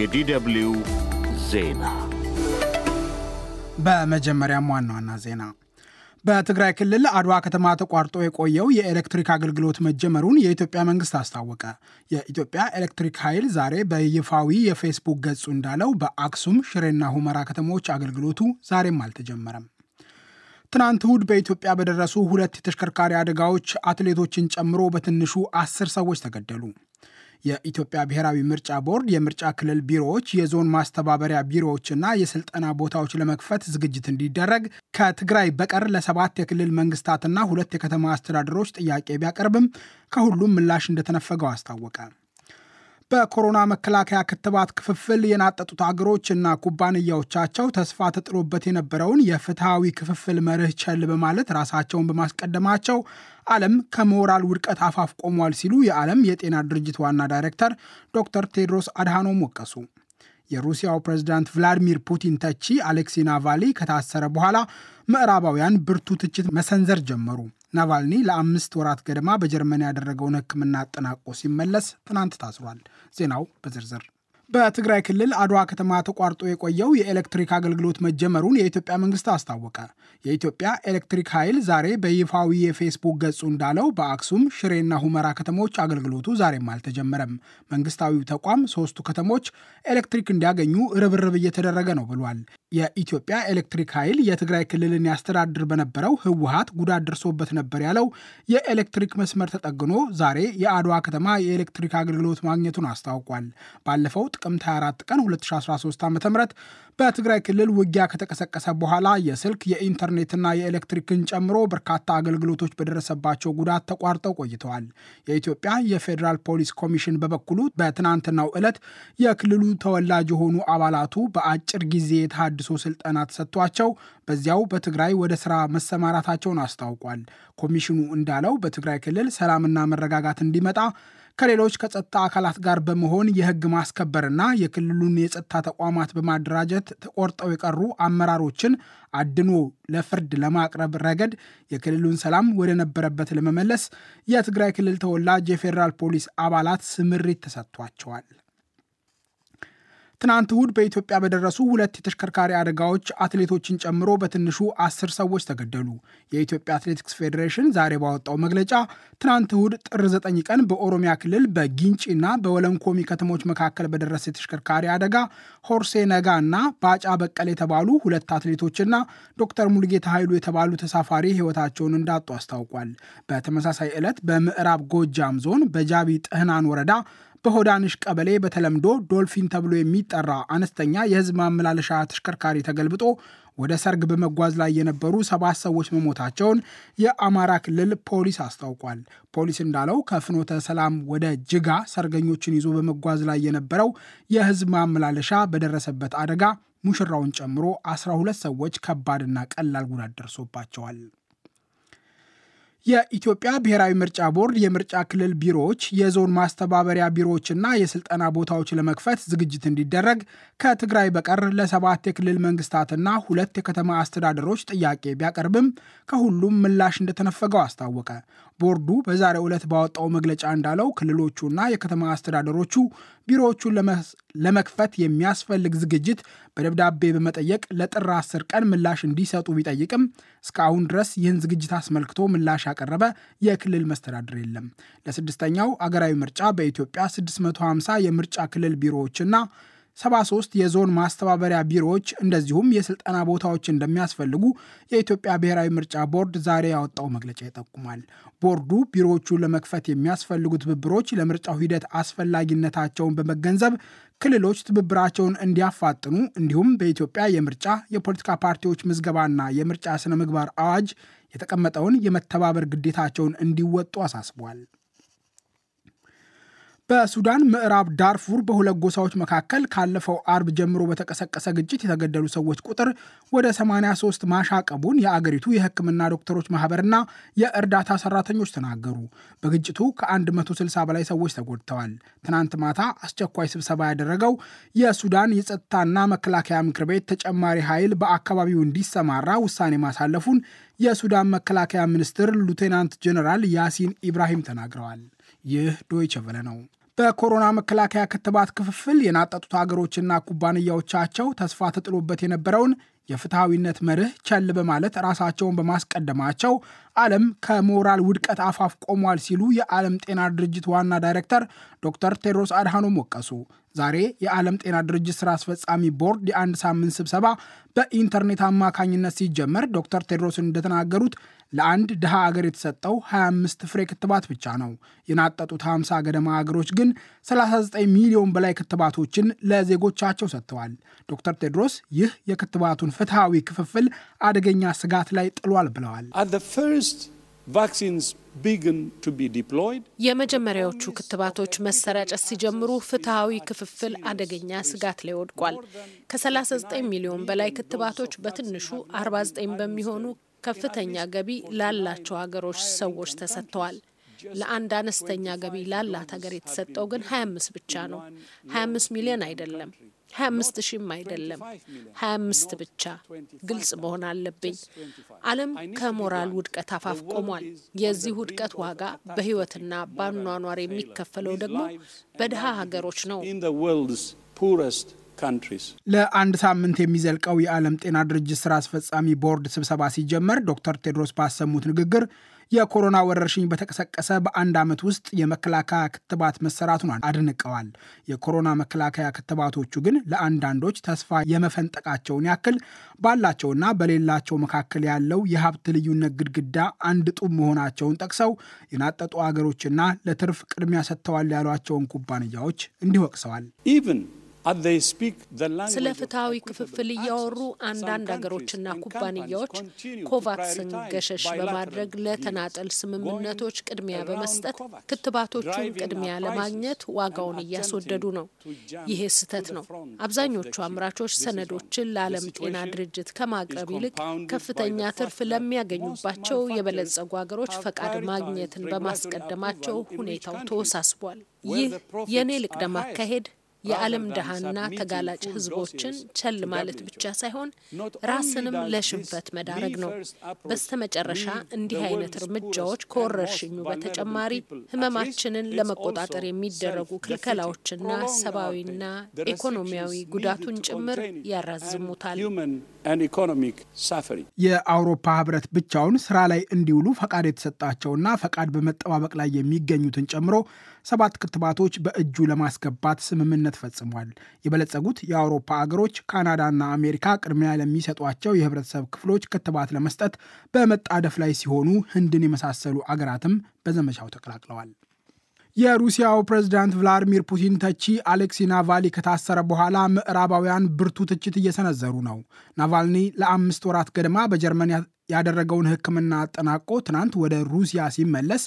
የዲደብልዩ ዜና በመጀመሪያም ዋና ዋና ዜና በትግራይ ክልል አድዋ ከተማ ተቋርጦ የቆየው የኤሌክትሪክ አገልግሎት መጀመሩን የኢትዮጵያ መንግስት አስታወቀ። የኢትዮጵያ ኤሌክትሪክ ኃይል ዛሬ በይፋዊ የፌስቡክ ገጹ እንዳለው በአክሱም ሽሬና ሁመራ ከተሞች አገልግሎቱ ዛሬም አልተጀመረም። ትናንት እሁድ በኢትዮጵያ በደረሱ ሁለት የተሽከርካሪ አደጋዎች አትሌቶችን ጨምሮ በትንሹ አስር ሰዎች ተገደሉ። የኢትዮጵያ ብሔራዊ ምርጫ ቦርድ የምርጫ ክልል ቢሮዎች፣ የዞን ማስተባበሪያ ቢሮዎችና የስልጠና ቦታዎች ለመክፈት ዝግጅት እንዲደረግ ከትግራይ በቀር ለሰባት የክልል መንግስታትና ሁለት የከተማ አስተዳደሮች ጥያቄ ቢያቀርብም ከሁሉም ምላሽ እንደተነፈገው አስታወቀ። በኮሮና መከላከያ ክትባት ክፍፍል የናጠጡት አገሮች እና ኩባንያዎቻቸው ተስፋ ተጥሎበት የነበረውን የፍትሐዊ ክፍፍል መርህ ቸል በማለት ራሳቸውን በማስቀደማቸው ዓለም ከሞራል ውድቀት አፋፍ ቆሟል ሲሉ የዓለም የጤና ድርጅት ዋና ዳይሬክተር ዶክተር ቴድሮስ አድሃኖም ወቀሱ። የሩሲያው ፕሬዝዳንት ቭላዲሚር ፑቲን ተቺ አሌክሲ ናቫልኒ ከታሰረ በኋላ ምዕራባውያን ብርቱ ትችት መሰንዘር ጀመሩ። ናቫልኒ ለአምስት ወራት ገደማ በጀርመን ያደረገውን ሕክምና አጠናቆ ሲመለስ ትናንት ታስሯል። ዜናው በዝርዝር በትግራይ ክልል አድዋ ከተማ ተቋርጦ የቆየው የኤሌክትሪክ አገልግሎት መጀመሩን የኢትዮጵያ መንግስት አስታወቀ። የኢትዮጵያ ኤሌክትሪክ ኃይል ዛሬ በይፋዊ የፌስቡክ ገጹ እንዳለው በአክሱም ሽሬና ሁመራ ከተሞች አገልግሎቱ ዛሬም አልተጀመረም። መንግስታዊው ተቋም ሶስቱ ከተሞች ኤሌክትሪክ እንዲያገኙ ርብርብ እየተደረገ ነው ብሏል። የኢትዮጵያ ኤሌክትሪክ ኃይል የትግራይ ክልልን ያስተዳድር በነበረው ህወሀት ጉዳት ደርሶበት ነበር ያለው የኤሌክትሪክ መስመር ተጠግኖ ዛሬ የአድዋ ከተማ የኤሌክትሪክ አገልግሎት ማግኘቱን አስታውቋል። ባለፈው ጥቅምት 24 ቀን 2013 ዓ ም በትግራይ ክልል ውጊያ ከተቀሰቀሰ በኋላ የስልክ የኢንተርኔትና የኤሌክትሪክን ጨምሮ በርካታ አገልግሎቶች በደረሰባቸው ጉዳት ተቋርጠው ቆይተዋል። የኢትዮጵያ የፌዴራል ፖሊስ ኮሚሽን በበኩሉ በትናንትናው ዕለት የክልሉ ተወላጅ የሆኑ አባላቱ በአጭር ጊዜ የተሃድሶ ስልጠና ተሰጥቷቸው በዚያው በትግራይ ወደ ስራ መሰማራታቸውን አስታውቋል። ኮሚሽኑ እንዳለው በትግራይ ክልል ሰላምና መረጋጋት እንዲመጣ ከሌሎች ከጸጥታ አካላት ጋር በመሆን የህግ ማስከበርና የክልሉን የጸጥታ ተቋማት በማደራጀት ተቆርጠው የቀሩ አመራሮችን አድኖ ለፍርድ ለማቅረብ ረገድ የክልሉን ሰላም ወደ ነበረበት ለመመለስ የትግራይ ክልል ተወላጅ የፌዴራል ፖሊስ አባላት ስምሪት ተሰጥቷቸዋል። ትናንት እሁድ በኢትዮጵያ በደረሱ ሁለት የተሽከርካሪ አደጋዎች አትሌቶችን ጨምሮ በትንሹ አስር ሰዎች ተገደሉ። የኢትዮጵያ አትሌቲክስ ፌዴሬሽን ዛሬ ባወጣው መግለጫ ትናንት እሁድ ጥር 9 ቀን በኦሮሚያ ክልል በጊንጪ እና በወለንኮሚ ከተሞች መካከል በደረሰ የተሽከርካሪ አደጋ ሆርሴ ነጋ እና ባጫ በቀል የተባሉ ሁለት አትሌቶችና ዶክተር ሙልጌታ ኃይሉ የተባሉ ተሳፋሪ ሕይወታቸውን እንዳጡ አስታውቋል። በተመሳሳይ ዕለት በምዕራብ ጎጃም ዞን በጃቢ ጥህናን ወረዳ በሆዳንሽ ቀበሌ በተለምዶ ዶልፊን ተብሎ የሚጠራ አነስተኛ የህዝብ ማመላለሻ ተሽከርካሪ ተገልብጦ ወደ ሰርግ በመጓዝ ላይ የነበሩ ሰባት ሰዎች መሞታቸውን የአማራ ክልል ፖሊስ አስታውቋል። ፖሊስ እንዳለው ከፍኖተ ሰላም ወደ ጅጋ ሰርገኞችን ይዞ በመጓዝ ላይ የነበረው የህዝብ ማመላለሻ በደረሰበት አደጋ ሙሽራውን ጨምሮ 12 ሰዎች ከባድና ቀላል ጉዳት ደርሶባቸዋል። የኢትዮጵያ ብሔራዊ ምርጫ ቦርድ የምርጫ ክልል ቢሮዎች፣ የዞን ማስተባበሪያ ቢሮዎችና የስልጠና ቦታዎች ለመክፈት ዝግጅት እንዲደረግ ከትግራይ በቀር ለሰባት የክልል መንግስታትና ሁለት የከተማ አስተዳደሮች ጥያቄ ቢያቀርብም ከሁሉም ምላሽ እንደተነፈገው አስታወቀ። ቦርዱ በዛሬ ዕለት ባወጣው መግለጫ እንዳለው ክልሎቹና የከተማ አስተዳደሮቹ ቢሮዎቹን ለመክፈት የሚያስፈልግ ዝግጅት በደብዳቤ በመጠየቅ ለጥር አስር ቀን ምላሽ እንዲሰጡ ቢጠይቅም እስካሁን ድረስ ይህን ዝግጅት አስመልክቶ ምላሽ ያቀረበ የክልል መስተዳድር የለም። ለስድስተኛው አገራዊ ምርጫ በኢትዮጵያ 650 የምርጫ ክልል ቢሮዎችና 73 የዞን ማስተባበሪያ ቢሮዎች እንደዚሁም የስልጠና ቦታዎች እንደሚያስፈልጉ የኢትዮጵያ ብሔራዊ ምርጫ ቦርድ ዛሬ ያወጣው መግለጫ ይጠቁማል። ቦርዱ ቢሮዎቹ ለመክፈት የሚያስፈልጉ ትብብሮች ለምርጫው ሂደት አስፈላጊነታቸውን በመገንዘብ ክልሎች ትብብራቸውን እንዲያፋጥኑ እንዲሁም በኢትዮጵያ የምርጫ የፖለቲካ ፓርቲዎች ምዝገባና የምርጫ ስነ ምግባር አዋጅ የተቀመጠውን የመተባበር ግዴታቸውን እንዲወጡ አሳስቧል። በሱዳን ምዕራብ ዳርፉር በሁለት ጎሳዎች መካከል ካለፈው አርብ ጀምሮ በተቀሰቀሰ ግጭት የተገደሉ ሰዎች ቁጥር ወደ 83 ማሻቀቡን የአገሪቱ የሕክምና ዶክተሮች ማህበርና የእርዳታ ሰራተኞች ተናገሩ። በግጭቱ ከ160 በላይ ሰዎች ተጎድተዋል። ትናንት ማታ አስቸኳይ ስብሰባ ያደረገው የሱዳን የጸጥታና መከላከያ ምክር ቤት ተጨማሪ ኃይል በአካባቢው እንዲሰማራ ውሳኔ ማሳለፉን የሱዳን መከላከያ ሚኒስትር ሉቴናንት ጀኔራል ያሲን ኢብራሂም ተናግረዋል። ይህ ዶይቸ ነው። በኮሮና መከላከያ ክትባት ክፍፍል የናጠጡት አገሮችና ኩባንያዎቻቸው ተስፋ ተጥሎበት የነበረውን የፍትሐዊነት መርህ ቸል በማለት ራሳቸውን በማስቀደማቸው ዓለም ከሞራል ውድቀት አፋፍ ቆሟል ሲሉ የዓለም ጤና ድርጅት ዋና ዳይሬክተር ዶክተር ቴድሮስ አድሃኖም ወቀሱ። ዛሬ የዓለም ጤና ድርጅት ስራ አስፈጻሚ ቦርድ የአንድ ሳምንት ስብሰባ በኢንተርኔት አማካኝነት ሲጀመር ዶክተር ቴድሮስን እንደተናገሩት ለአንድ ድሃ አገር የተሰጠው 25 ፍሬ ክትባት ብቻ ነው። የናጠጡት 50 ገደማ አገሮች ግን 39 ሚሊዮን በላይ ክትባቶችን ለዜጎቻቸው ሰጥተዋል። ዶክተር ቴድሮስ ይህ የክትባቱን ፍትሐዊ ክፍፍል አደገኛ ስጋት ላይ ጥሏል ብለዋል። ቫክሲንስ የመጀመሪያዎቹ ክትባቶች መሰራጨት ሲጀምሩ ፍትሐዊ ክፍፍል አደገኛ ስጋት ላይ ወድቋል። ከ39 ሚሊዮን በላይ ክትባቶች በትንሹ 49 በሚሆኑ ከፍተኛ ገቢ ላላቸው ሀገሮች ሰዎች ተሰጥተዋል። ለአንድ አነስተኛ ገቢ ላላት ሀገር የተሰጠው ግን 25 ብቻ ነው። 25 ሚሊዮን አይደለም፣ 25 ሺህም አይደለም፣ 25 ብቻ። ግልጽ መሆን አለብኝ። ዓለም ከሞራል ውድቀት አፋፍ ቆሟል። የዚህ ውድቀት ዋጋ በህይወትና በአኗኗር የሚከፈለው ደግሞ በድሃ ሀገሮች ነው። ለአንድ ሳምንት የሚዘልቀው የዓለም ጤና ድርጅት ስራ አስፈጻሚ ቦርድ ስብሰባ ሲጀመር ዶክተር ቴድሮስ ባሰሙት ንግግር የኮሮና ወረርሽኝ በተቀሰቀሰ በአንድ ዓመት ውስጥ የመከላከያ ክትባት መሰራቱን አድንቀዋል። የኮሮና መከላከያ ክትባቶቹ ግን ለአንዳንዶች ተስፋ የመፈንጠቃቸውን ያክል ባላቸውና በሌላቸው መካከል ያለው የሀብት ልዩነት ግድግዳ አንድ ጡብ መሆናቸውን ጠቅሰው የናጠጡ አገሮችና ለትርፍ ቅድሚያ ሰጥተዋል ያሏቸውን ኩባንያዎች እንዲወቅሰዋል። ስለ ፍትሐዊ ክፍፍል እያወሩ አንዳንድ ሀገሮችና ኩባንያዎች ኮቫክስን ገሸሽ በማድረግ ለተናጠል ስምምነቶች ቅድሚያ በመስጠት ክትባቶቹን ቅድሚያ ለማግኘት ዋጋውን እያስወደዱ ነው። ይሄ ስህተት ነው። አብዛኞቹ አምራቾች ሰነዶችን ለዓለም ጤና ድርጅት ከማቅረብ ይልቅ ከፍተኛ ትርፍ ለሚያገኙባቸው የበለጸጉ ሀገሮች ፈቃድ ማግኘትን በማስቀደማቸው ሁኔታው ተወሳስቧል። ይህ የኔ ልቅደም አካሄድ የዓለም ድሃና ተጋላጭ ህዝቦችን ቸል ማለት ብቻ ሳይሆን ራስንም ለሽንፈት መዳረግ ነው። በስተመጨረሻ እንዲህ አይነት እርምጃዎች ከወረርሽኙ በተጨማሪ ህመማችንን ለመቆጣጠር የሚደረጉ ክልከላዎችና ሰብአዊና ኢኮኖሚያዊ ጉዳቱን ጭምር ያራዝሙታል። የአውሮፓ ህብረት ብቻውን ስራ ላይ እንዲውሉ ፈቃድ የተሰጣቸውና ፈቃድ በመጠባበቅ ላይ የሚገኙትን ጨምሮ ሰባት ክትባቶች በእጁ ለማስገባት ስምምነት ስምምነት ፈጽሟል። የበለጸጉት የአውሮፓ አገሮች ካናዳና አሜሪካ ቅድሚያ ለሚሰጧቸው የህብረተሰብ ክፍሎች ክትባት ለመስጠት በመጣደፍ ላይ ሲሆኑ ህንድን የመሳሰሉ አገራትም በዘመቻው ተቀላቅለዋል። የሩሲያው ፕሬዝዳንት ቭላዲሚር ፑቲን ተቺ አሌክሲ ናቫልኒ ከታሰረ በኋላ ምዕራባውያን ብርቱ ትችት እየሰነዘሩ ነው። ናቫልኒ ለአምስት ወራት ገደማ በጀርመን ያደረገውን ሕክምና አጠናቆ ትናንት ወደ ሩሲያ ሲመለስ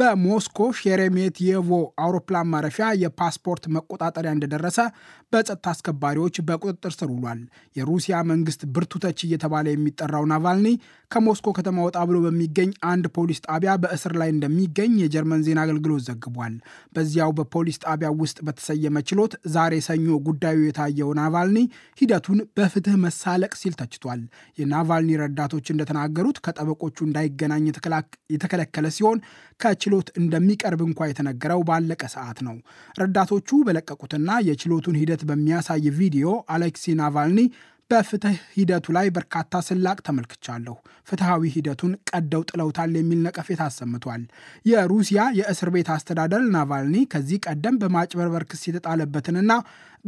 በሞስኮ ሼሬሜትየቮ አውሮፕላን ማረፊያ የፓስፖርት መቆጣጠሪያ እንደደረሰ በጸጥታ አስከባሪዎች በቁጥጥር ስር ውሏል። የሩሲያ መንግስት ብርቱ ተች እየተባለ የሚጠራው ናቫልኒ ከሞስኮ ከተማ ወጣ ብሎ በሚገኝ አንድ ፖሊስ ጣቢያ በእስር ላይ እንደሚገኝ የጀርመን ዜና አገልግሎት ዘግቧል። በዚያው በፖሊስ ጣቢያ ውስጥ በተሰየመ ችሎት ዛሬ ሰኞ ጉዳዩ የታየው ናቫልኒ ሂደቱን በፍትህ መሳለቅ ሲል ተችቷል። የናቫልኒ ረዳቶች እንደተናገሩት ከጠበቆቹ እንዳይገናኝ የተከለከለ ሲሆን ከችሎት እንደሚቀርብ እንኳ የተነገረው ባለቀ ሰዓት ነው። ረዳቶቹ በለቀቁትና የችሎቱን ሂደት በሚያሳይ ቪዲዮ አሌክሲ ናቫልኒ በፍትህ ሂደቱ ላይ በርካታ ስላቅ ተመልክቻለሁ። ፍትሐዊ ሂደቱን ቀደው ጥለውታል የሚል ነቀፌት አሰምቷል። የሩሲያ የእስር ቤት አስተዳደር ናቫልኒ ከዚህ ቀደም በማጭበርበር ክስ የተጣለበትንና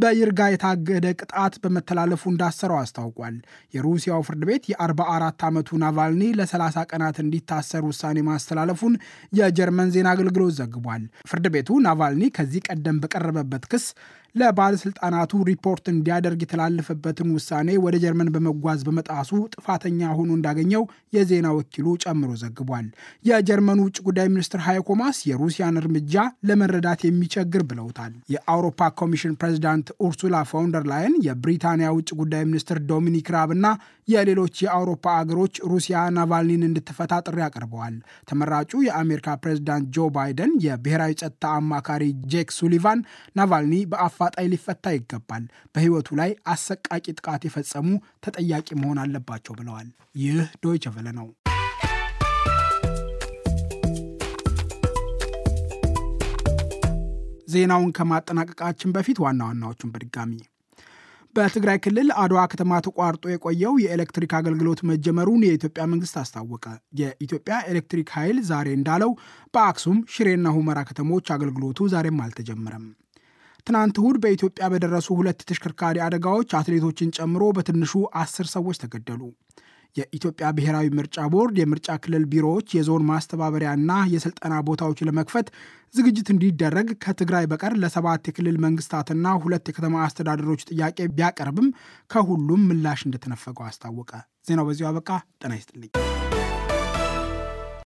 በይርጋ የታገደ ቅጣት በመተላለፉ እንዳሰረው አስታውቋል። የሩሲያው ፍርድ ቤት የ44 ዓመቱ ናቫልኒ ለ30 ቀናት እንዲታሰር ውሳኔ ማስተላለፉን የጀርመን ዜና አገልግሎት ዘግቧል። ፍርድ ቤቱ ናቫልኒ ከዚህ ቀደም በቀረበበት ክስ ለባለስልጣናቱ ሪፖርት እንዲያደርግ የተላለፈበትን ውሳኔ ወደ ጀርመን በመጓዝ በመጣሱ ጥፋተኛ ሆኖ እንዳገኘው የዜና ወኪሉ ጨምሮ ዘግቧል። የጀርመኑ ውጭ ጉዳይ ሚኒስትር ሃይኮ ማስ የሩሲያን እርምጃ ለመረዳት የሚቸግር ብለውታል። የአውሮፓ ኮሚሽን ፕሬዚዳንት ኡርሱላ ፎንደር ላይን፣ የብሪታንያ ውጭ ጉዳይ ሚኒስትር ዶሚኒክ ራብ እና የሌሎች የአውሮፓ አገሮች ሩሲያ ናቫልኒን እንድትፈታ ጥሪ አቅርበዋል። ተመራጩ የአሜሪካ ፕሬዚዳንት ጆ ባይደን የብሔራዊ ጸጥታ አማካሪ ጄክ ሱሊቫን ናቫልኒ በአፋ በአፋጣኝ ሊፈታ ይገባል። በህይወቱ ላይ አሰቃቂ ጥቃት የፈጸሙ ተጠያቂ መሆን አለባቸው ብለዋል። ይህ ዶይቸ ቨለ ነው። ዜናውን ከማጠናቀቃችን በፊት ዋና ዋናዎቹን በድጋሚ በትግራይ ክልል አድዋ ከተማ ተቋርጦ የቆየው የኤሌክትሪክ አገልግሎት መጀመሩን የኢትዮጵያ መንግስት አስታወቀ። የኢትዮጵያ ኤሌክትሪክ ኃይል ዛሬ እንዳለው በአክሱም ሽሬና ሁመራ ከተሞች አገልግሎቱ ዛሬም አልተጀመረም። ትናንት እሁድ በኢትዮጵያ በደረሱ ሁለት ተሽከርካሪ አደጋዎች አትሌቶችን ጨምሮ በትንሹ አስር ሰዎች ተገደሉ። የኢትዮጵያ ብሔራዊ ምርጫ ቦርድ የምርጫ ክልል ቢሮዎች የዞን ማስተባበሪያና የስልጠና ቦታዎች ለመክፈት ዝግጅት እንዲደረግ ከትግራይ በቀር ለሰባት የክልል መንግስታትና ሁለት የከተማ አስተዳደሮች ጥያቄ ቢያቀርብም ከሁሉም ምላሽ እንደተነፈገው አስታወቀ። ዜናው በዚሁ አበቃ። ጤና ይስጥልኝ።